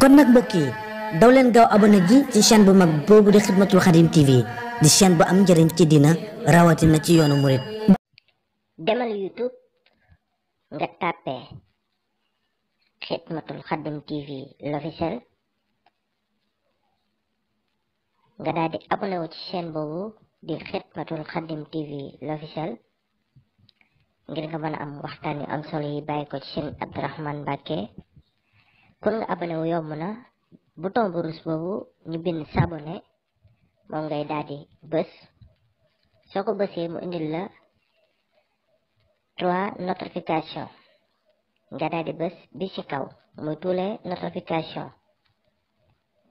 kon nak mbokk yi daw leen gaaw abonné ji ci chaîne bu mag bobu di khidmatul khadim tv di chaîne bu am njëriñ ci dina na ci yoonu mourid demal youtube nga tapé khidmatul khadim tv l'official nga daal di abonné wu ci chaîne bobu di khidmatul khadim tv l'official ngir nga mëna am waxtani am solo yi bayiko ci chaîne Abdourahmane bakay kun abana yombna bouton bu rouge bobu ñu bind s'abonner mom ngay daldi bëss soko bëssé mu indil la trois notification nga di bus, bisikau, ci kaw notification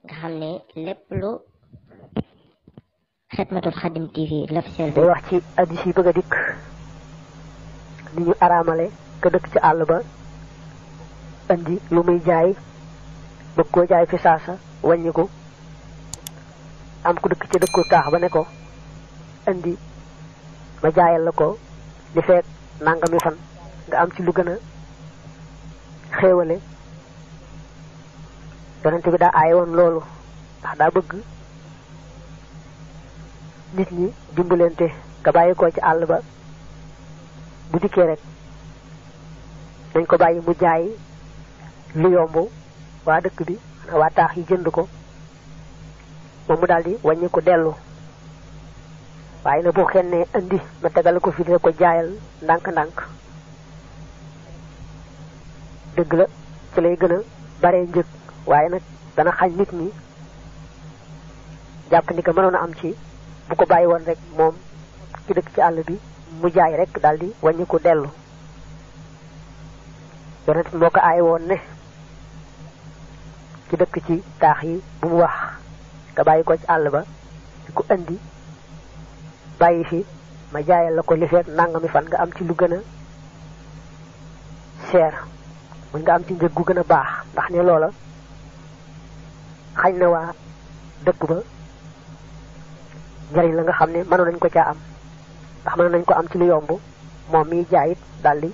nga xamné lepp lu khadim tv l'officiel day wax ci adisi yi bëgg dik ni ñu aramale ke dëkk ci ba andi lu muy jaay bëgg koo jaay fi saasa wàññiku am ku dëkk ca dëkku taax ba ne ko andi ma jaayal la ko li fekk nangami fan nga am ci lu gën a xéewale yonente bi daa aaye woon loolu ndax daa bëgg nit ñi dimbalante nga bàyyi ko ci àll ba bu dikkee rek dañ ko bàyyi mu jaay lu yomb wa dëkk bi wa tax yi jënd ko moom mu daldi wàññi ko dellu waaye na bu xenne andi ma tegal ko fi dina ko jaayal ndànk ndànk dëgg la ci lay gëna bare njëg waaye nag dana xañ nit ñi jàpp ni ko mënoon am ci bu ko bàyyi rek moom ci dëkk ci àll bi mu jaay rek daldi wàññi ko dellu yonent moo ko aay ki dëkk ci taax yi bu mu wax nga bàyyi ko ci àll ba di ko andi bàyyi fi ma jaayal la ko lifeet nangami fan nga am ci lu gën a cher mën nga am ci njëg gu gën a baax ndax ne loola xañ na waa dëkk ba njariñ la nga xam ne mënoon nañ ko caa am ndax mënoon nañ ko am ci lu yomb moom miy jaayit daldi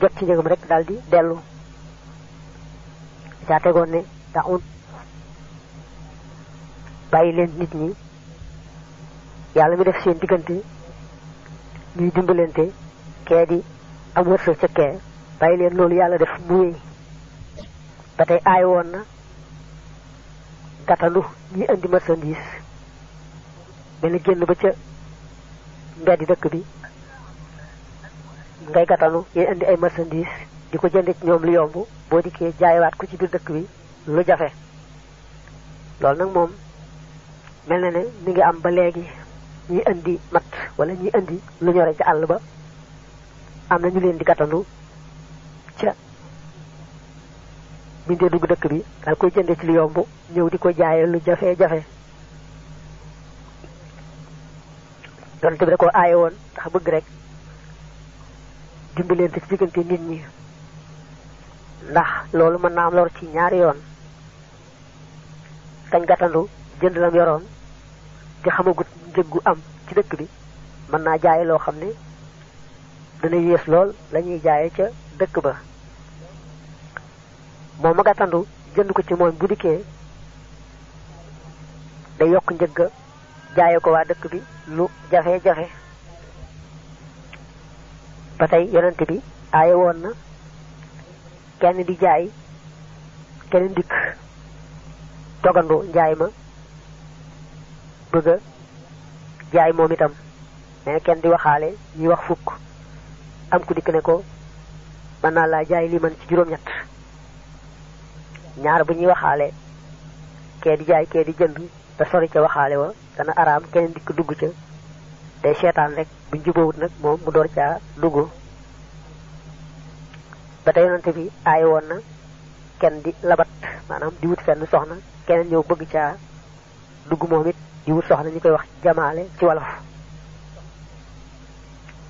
jot ci njëgam rek daldi dellu caa tegoon ne da'un bàyyi leen nit ñi yàlla mi def seen diggante ñuy dimbalante kee di am wërsëg ca kee bàyyi leen loolu yàlla def mu wéy ba tey aay woon na gàttalu ñuy indi marchandise mel génn ba ca mbeddi dëkk bi ngay gàttalu ñuy indi ay marchandise di ko jënd ci ñoom lu yomb boo dikkee jaayawaat ko ci biir dëkk bi lu jafe loolu nag moom mel na ne mi ngi am ba léegi ñi indi matt wala ñi indi lu ñore ca àll ba am na ñu leen di gàttandu ca buñ dee dugg dëkk bi daal koy jënde ci lu yomb ñëw di ko jaaye lu jafe-jafe yonente bi da ko aaye woon ndax bëgg rek dimbalante ci diggante nit ñi ndax loolu mën naa am lor ci ñaari yoon kañ gàttandu jënd lam yoroon te xamagut njëggu am ci dëkk bi mën naa jaaye loo xam ne dana yées lool la ñuy jaaye ca dëkk ba moom ma gàttandu jënd ko ci moom bu dikkee day yokk njëgga jaaye ko waa dëkk bi lu jafe-jafe ba tey yonent bi aaye woon na kenn di jaay keneen dikk togandu njaay ma bëgg jaay moom itam mais kenn di waxaale ñuy wax fukk am ku dikk ne ko mën naa la jaay li man ci juróom-ñett ñaar bu ñuy waxaale kee di jaay kee di jënd te sori ca waxaale wa dana araam keneen dikk dugg ca day seetaan rek bu jubóowut nag moom mu door caa dugg ba tay yonante bi ay won na kenn di labat manam di wut fenn soxna keneen ñew bëgg caa dugg momit di wut soxna ñu koy wax jamaale ci walaf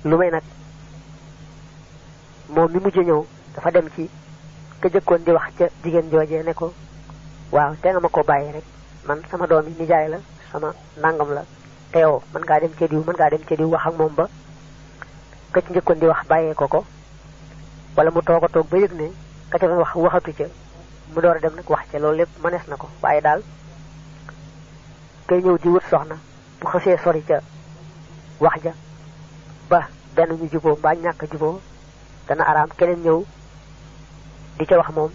lu may nak mom mi mujj ñëw dafa dem ci ke jëkkoon di wax ca jojé ne ko waaw té nga mako bayé rek man sama doomi jaay la sama nangam la te man nga dem ci diw man nga dem ci diw wax ak mom ba ke ci di wax bayé ko wala mu togo tok ba yegne ne ka ca wax waxatu ci mu doora dem nak wax ci lolou lepp manes nako ko dal kay ñew di wut soxna bu xasse sori ci wax ja ba benn ñu jibo ba ñaka jibo dana aram keneen ñew di ci wax mom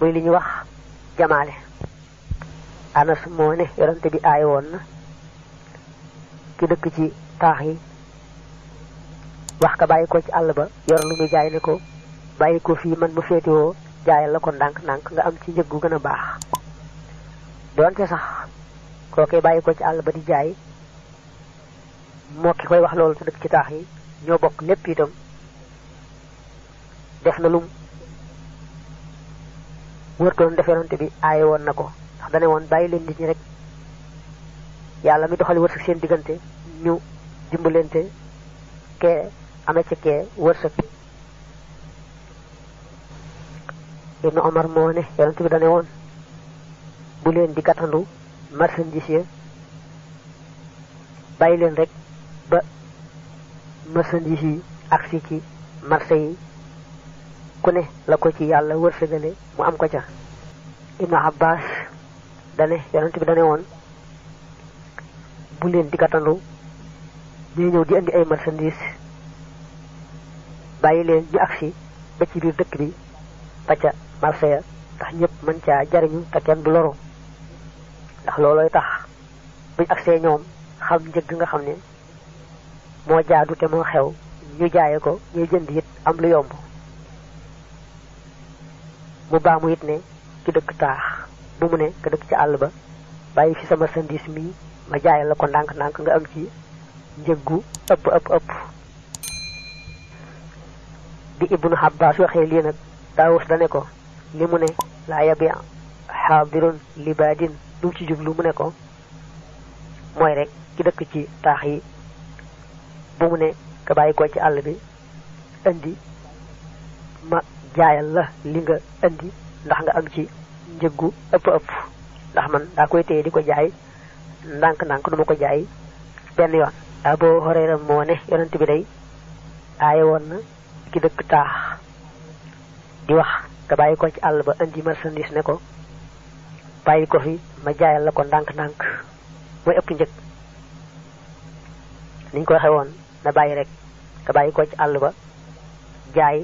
muy li ñu wax jamaale anas mo ne yarante bi ay won ki dekk ci tax yi wax ka bàyyi ko ci àll ba yor lu muy jaay ne ko bàyyi ko fii man mu féetewoo jaayal la ko ndànk ndànk nga am ci njëg gu gën a baax donte sax kookee bàyyi ko ci àll ba di jaay moo ki koy wax loolu te dëkk ci taax yi ñoo bokk lépp itam def na lu wër doon def bi aaye woon na ko ndax dane woon bàyyi leen nit ñi rek yàlla mi doxali wërsëg seen diggante ñu dimbalente kee amé ci ké wërseuk ibn umar mo né yonent bi dañé won bu leen di katandu ji ci bay leen rek ba ji ci ak ci marsé yi ku né la ko ci yàlla wërsëgale mu am ko ca ibn abbas dane yonent bi dañé won bu leen di katandu ñuy ñëw di andi ay marsandise bàyyi leen ñu agsi ba ci biir dëkk bi ba ca marseya tax ñëpp mën caa jariñu te kenn du loro ndax loolooy tax buñ agsee ñoom xam njëgg nga xam ne moo jaadu te moo xew ñu jaaye ko ñuy jënd it am lu yomb mu baamu it ne ki dëkk taax bu mu ne ka dëkk ci àll ba bàyyi fi sama sandis mi ma jaay la ko ndànk-ndànk nga am ci njëggu ëpp ëpp ëpp bi ibnu Abbas waxee lii nag Daawus dane ko li mu ne laa yabi xaadirun libaadin lu ci jublu mu ne ko mooy rek ki dëkk ci taax yi bu mu ne ka bàyyi ko ci àll bi indi ma jaayal la li nga indi ndax nga am ci njëggu ëpp ëpp ndax man daa koy téye di ko jaay ndànk-ndànk du ko jaay benn yoon. Abu Hurayra moo ne yonent bi day aaye woon na gi dëkk taax di wax nga bàyyi ko ci àll ba andi marsandis ne ko bàyyi ko fi ma jaayal la ko ndànk-ndànk mooy ëpp njëg niñ ko waxee woon na bàyyi rek nga bàyyi ko ci àll ba jaay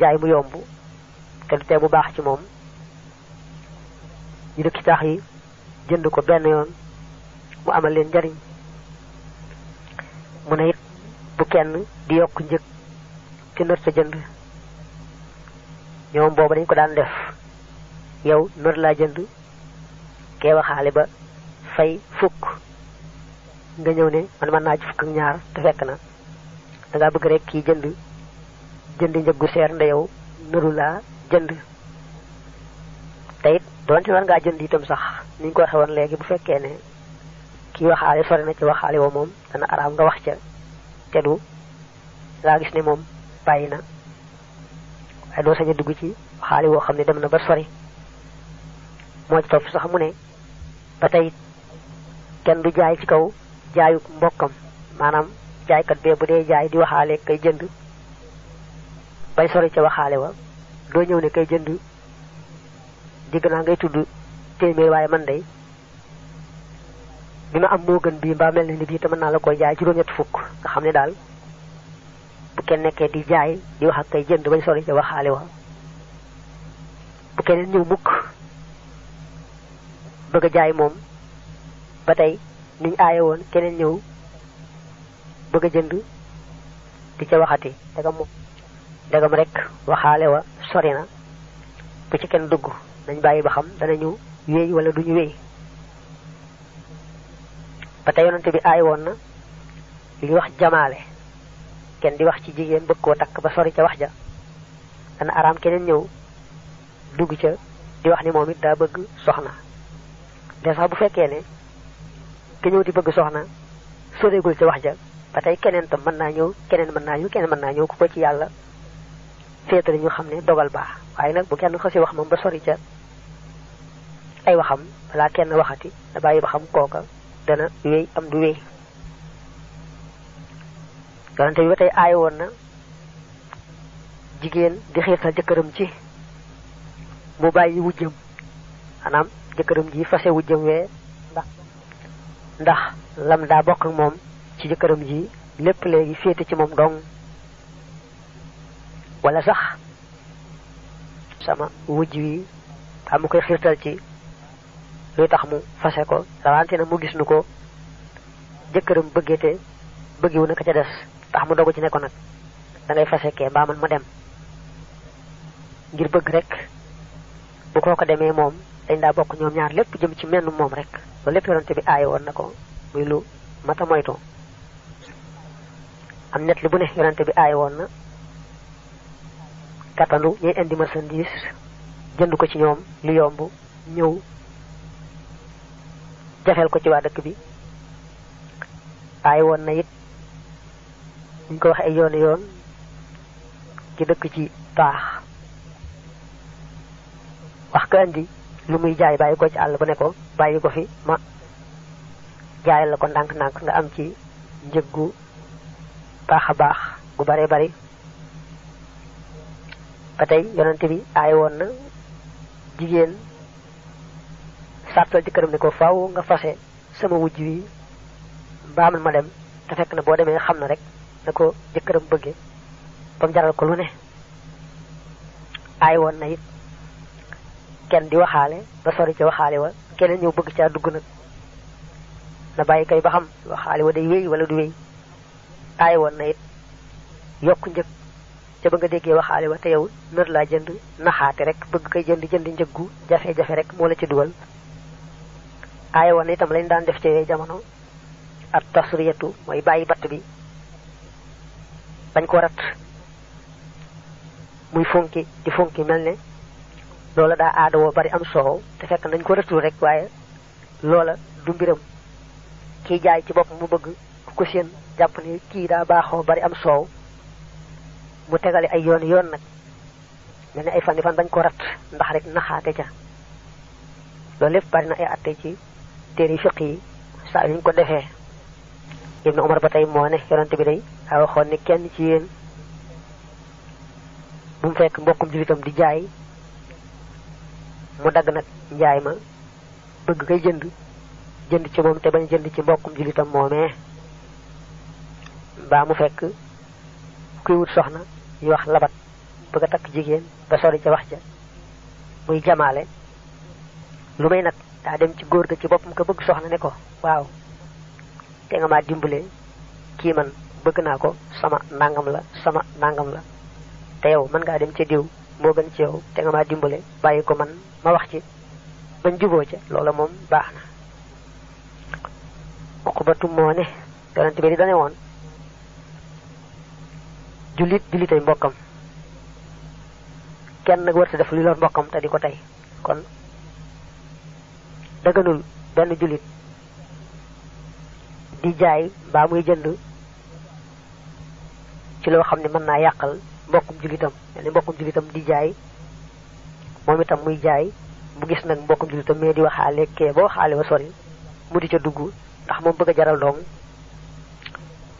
jaay mu yomb te du bu baax ci moom ñu dëkk taax yi jënd ko benn yoon mu amal leen njariñ mu ne bu kenn di yokk njëg ki nar sa jënd ñoom boobu dañ ko daan def yow nar laa jënd kee waxaale ba fay fukk nga ñëw ne man mën naa ci fukk ak ñaar te fekk na dangaa bëgg rek kii jënd jënd njëggu seer nde yow naru laa jënd te it war ngaa jënd itam sax ni ñu ko waxee léegi bu fekkee ne kii waxaale sore na ci waxaale woo moom dana araam nga wax ca te du ngaa gis ne moom bàyyi na waaye doo sañ dugg ci xaali woo xam ne dem na ba sori moo ci topp sax mu ne ba tey kenn du jaay ci kaw jaayu mbokkam maanaam jaaykat bee bu dee jaay di waxaale kay jënd bay sori ca waxaale wa doo ñëw ne kay jënd digg naa ngay tudd téeméer waaye man day bi ma am moo gën bii mbaa mel na ni bii te mën naa la koy jaay juróom-ñett fukk nga xam ne daal bu kenn di jaay di wax ak kay jënd bañ sori ca waxaale wa bu keneen ñu mukk bëgg jaay mom batay niñ aaye woon bëgg jënd di ci waxati dagam dagam rek waxale wa sori na bu ci kenn dugg dañ bayyi ba xam ñu wéy wala duñu wéy batay yonent bi aaye na li wax jamaale kenn di wax ci jigéen bëgg koo takk ba sori ca wax ja dana araam keneen ñëw dugg ca di wax ni moom it daa bëgg soxna de sax bu fekkee ne ki ñëw di bëgg soxna soreegul ca wax ja ba tey keneen tam mën naa ñëw keneen mën naa ñëw keneen mën naa ñëw ku ko ci yàlla féetale ñu xam ne dogal baax waaye nag bu kenn xasi wax moom ba sori ca ay waxam balaa kenn waxati da bàyyi ba xam dana wéy am du wéy yonente bi ba tey aay woon na jigéen di xiirtal jëkkëram ci mu bàyyi wujjam maanaam jëkkëram ji fase wujjam wee ndax lam daa bokk ak moom ci jëkkëram ji lépp léegi féete ci moom dong wala sax sama wujj wi am mu koy xiirtal ci luy tax mu fase ko rawante na mu gis nu ko jëkkëram bëggete bëggiwu na ka ca des tax mu dogu ci ne ko nag da ngay fasekkee mbaa man ma dem ngir bëgg rek bu ko demee moom dañ daa bokk ñoom ñaar lépp jëm ci menn moom rek loolu lépp yonante bi aaye woon na ko muy lu mata moytu am net li bu ne yonante bi aaye woon na katandu ñuy indi marchandise jënd ko ci ñoom lu yomb ñëw jafel ko ci waa dëkk bi aaye woon na it ñu ko wax ay yoon yoon ci dëkk ci taax wax ka andi lu muy jaay bàyyi ko ci àll bu ne ko bàyyi ko fi ma jaay la ko ndank ndànk nga am ci njëggu baax a baax gu bare bari ba tey yonante bi aay woon na jigéen sàttal ci këram ne ko faaw nga fase sama wujj wi mbaamal ma dem te fekk na boo demee xam rek la ko jëkkëram bëgge ba mu jaral ko lu ne ay won na it kenn di waxaale ba sori ci waxaale wa keneen ñëw bëgg caa dugg nag na bàyyi kay ba xam waxaale wa day wéy wala du wéy ay won na it yokk njëg ca ba nga déggee waxaale wa te yow nar laa jënd na naxaate rek bëgg kay jënd jënd njëggu jafe-jafe rek moo la ci duwal ay won na itam lañ daan def ci yooyu jamono ak tasriyatu mooy bàyyi batt bi dañ ko rat muy funki di funki mel lola da aado wo bari am soho te fekk nañ ko ratul rek waye lola du mbiram ki jaay ci bop mu bëgg ko seen japp ni ki da baaxoo bari am soho mu tegale ay yoon yoon nak dañ ay fan fan dañ ko rat ndax rek naxaate ca loolu bari na ay atté ci téere fiqi sa saa ko defee ibn umar batay mo ne yonante bi day daa waxoon ne kenn ci yéen bu mu fekk mbokkum julitam di jaay mu dagg nag njaay ma bëgg kay jënd jënd ci moom te bañ jënd ci mbokkum julitam moomee mbaa mu fekk kuy wut soxna yi wax labat bëgg a takk jigéen ba sori ca wax ja muy jamaale lu may nag daa dem ci góor ga ci boppam ka bëgg soxna ne ko waaw te nga maa dimbale kii man bëgg naa ko sama nangam la sama nangam la te yow man ngaa dem ci diw moo gën ci yow te nga maa dimbale bàyyi ko man ma wax ci bañ juboo ca loola moom baax na uqbatu moo ne yonent bi di dane woon julit julitay mbokkam kenn nag warta def li lor mbokkam te di ko kon daganul benn julit di jaay mbaa muy jënd ci lo xamni man na yakal bokkum julitam ni bokkum julitam di jaay momi tam muy jaay bu gis nak bokkum julitam me di waxale ke bo waxaale wa sori mu di ca dugg ndax mom bëgg jaral doom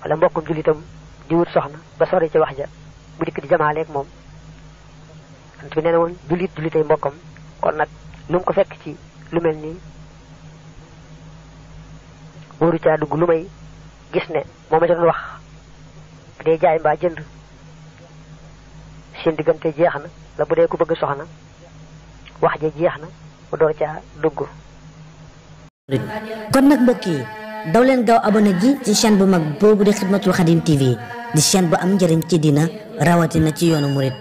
wala bokkum julitam di wut soxna ba sori ci wax ja bu dik di jamaaleeg moom ant bi neena won julit julitay mbokam kon nak num ko fekk ci lu melni ca dugg gis ne wax bu dee jaay mbaa jënd seen diggante jeex na la bu dee ku bëgg soxna wax ja jeex na mu door caa dugg. kon nag mbokk yi daw leen gaaw abonné ji ci chaîne bu mag boobu di xidmatul xadim tv di chaîne bu am njëriñ ci dina rawatina ci yoonu murit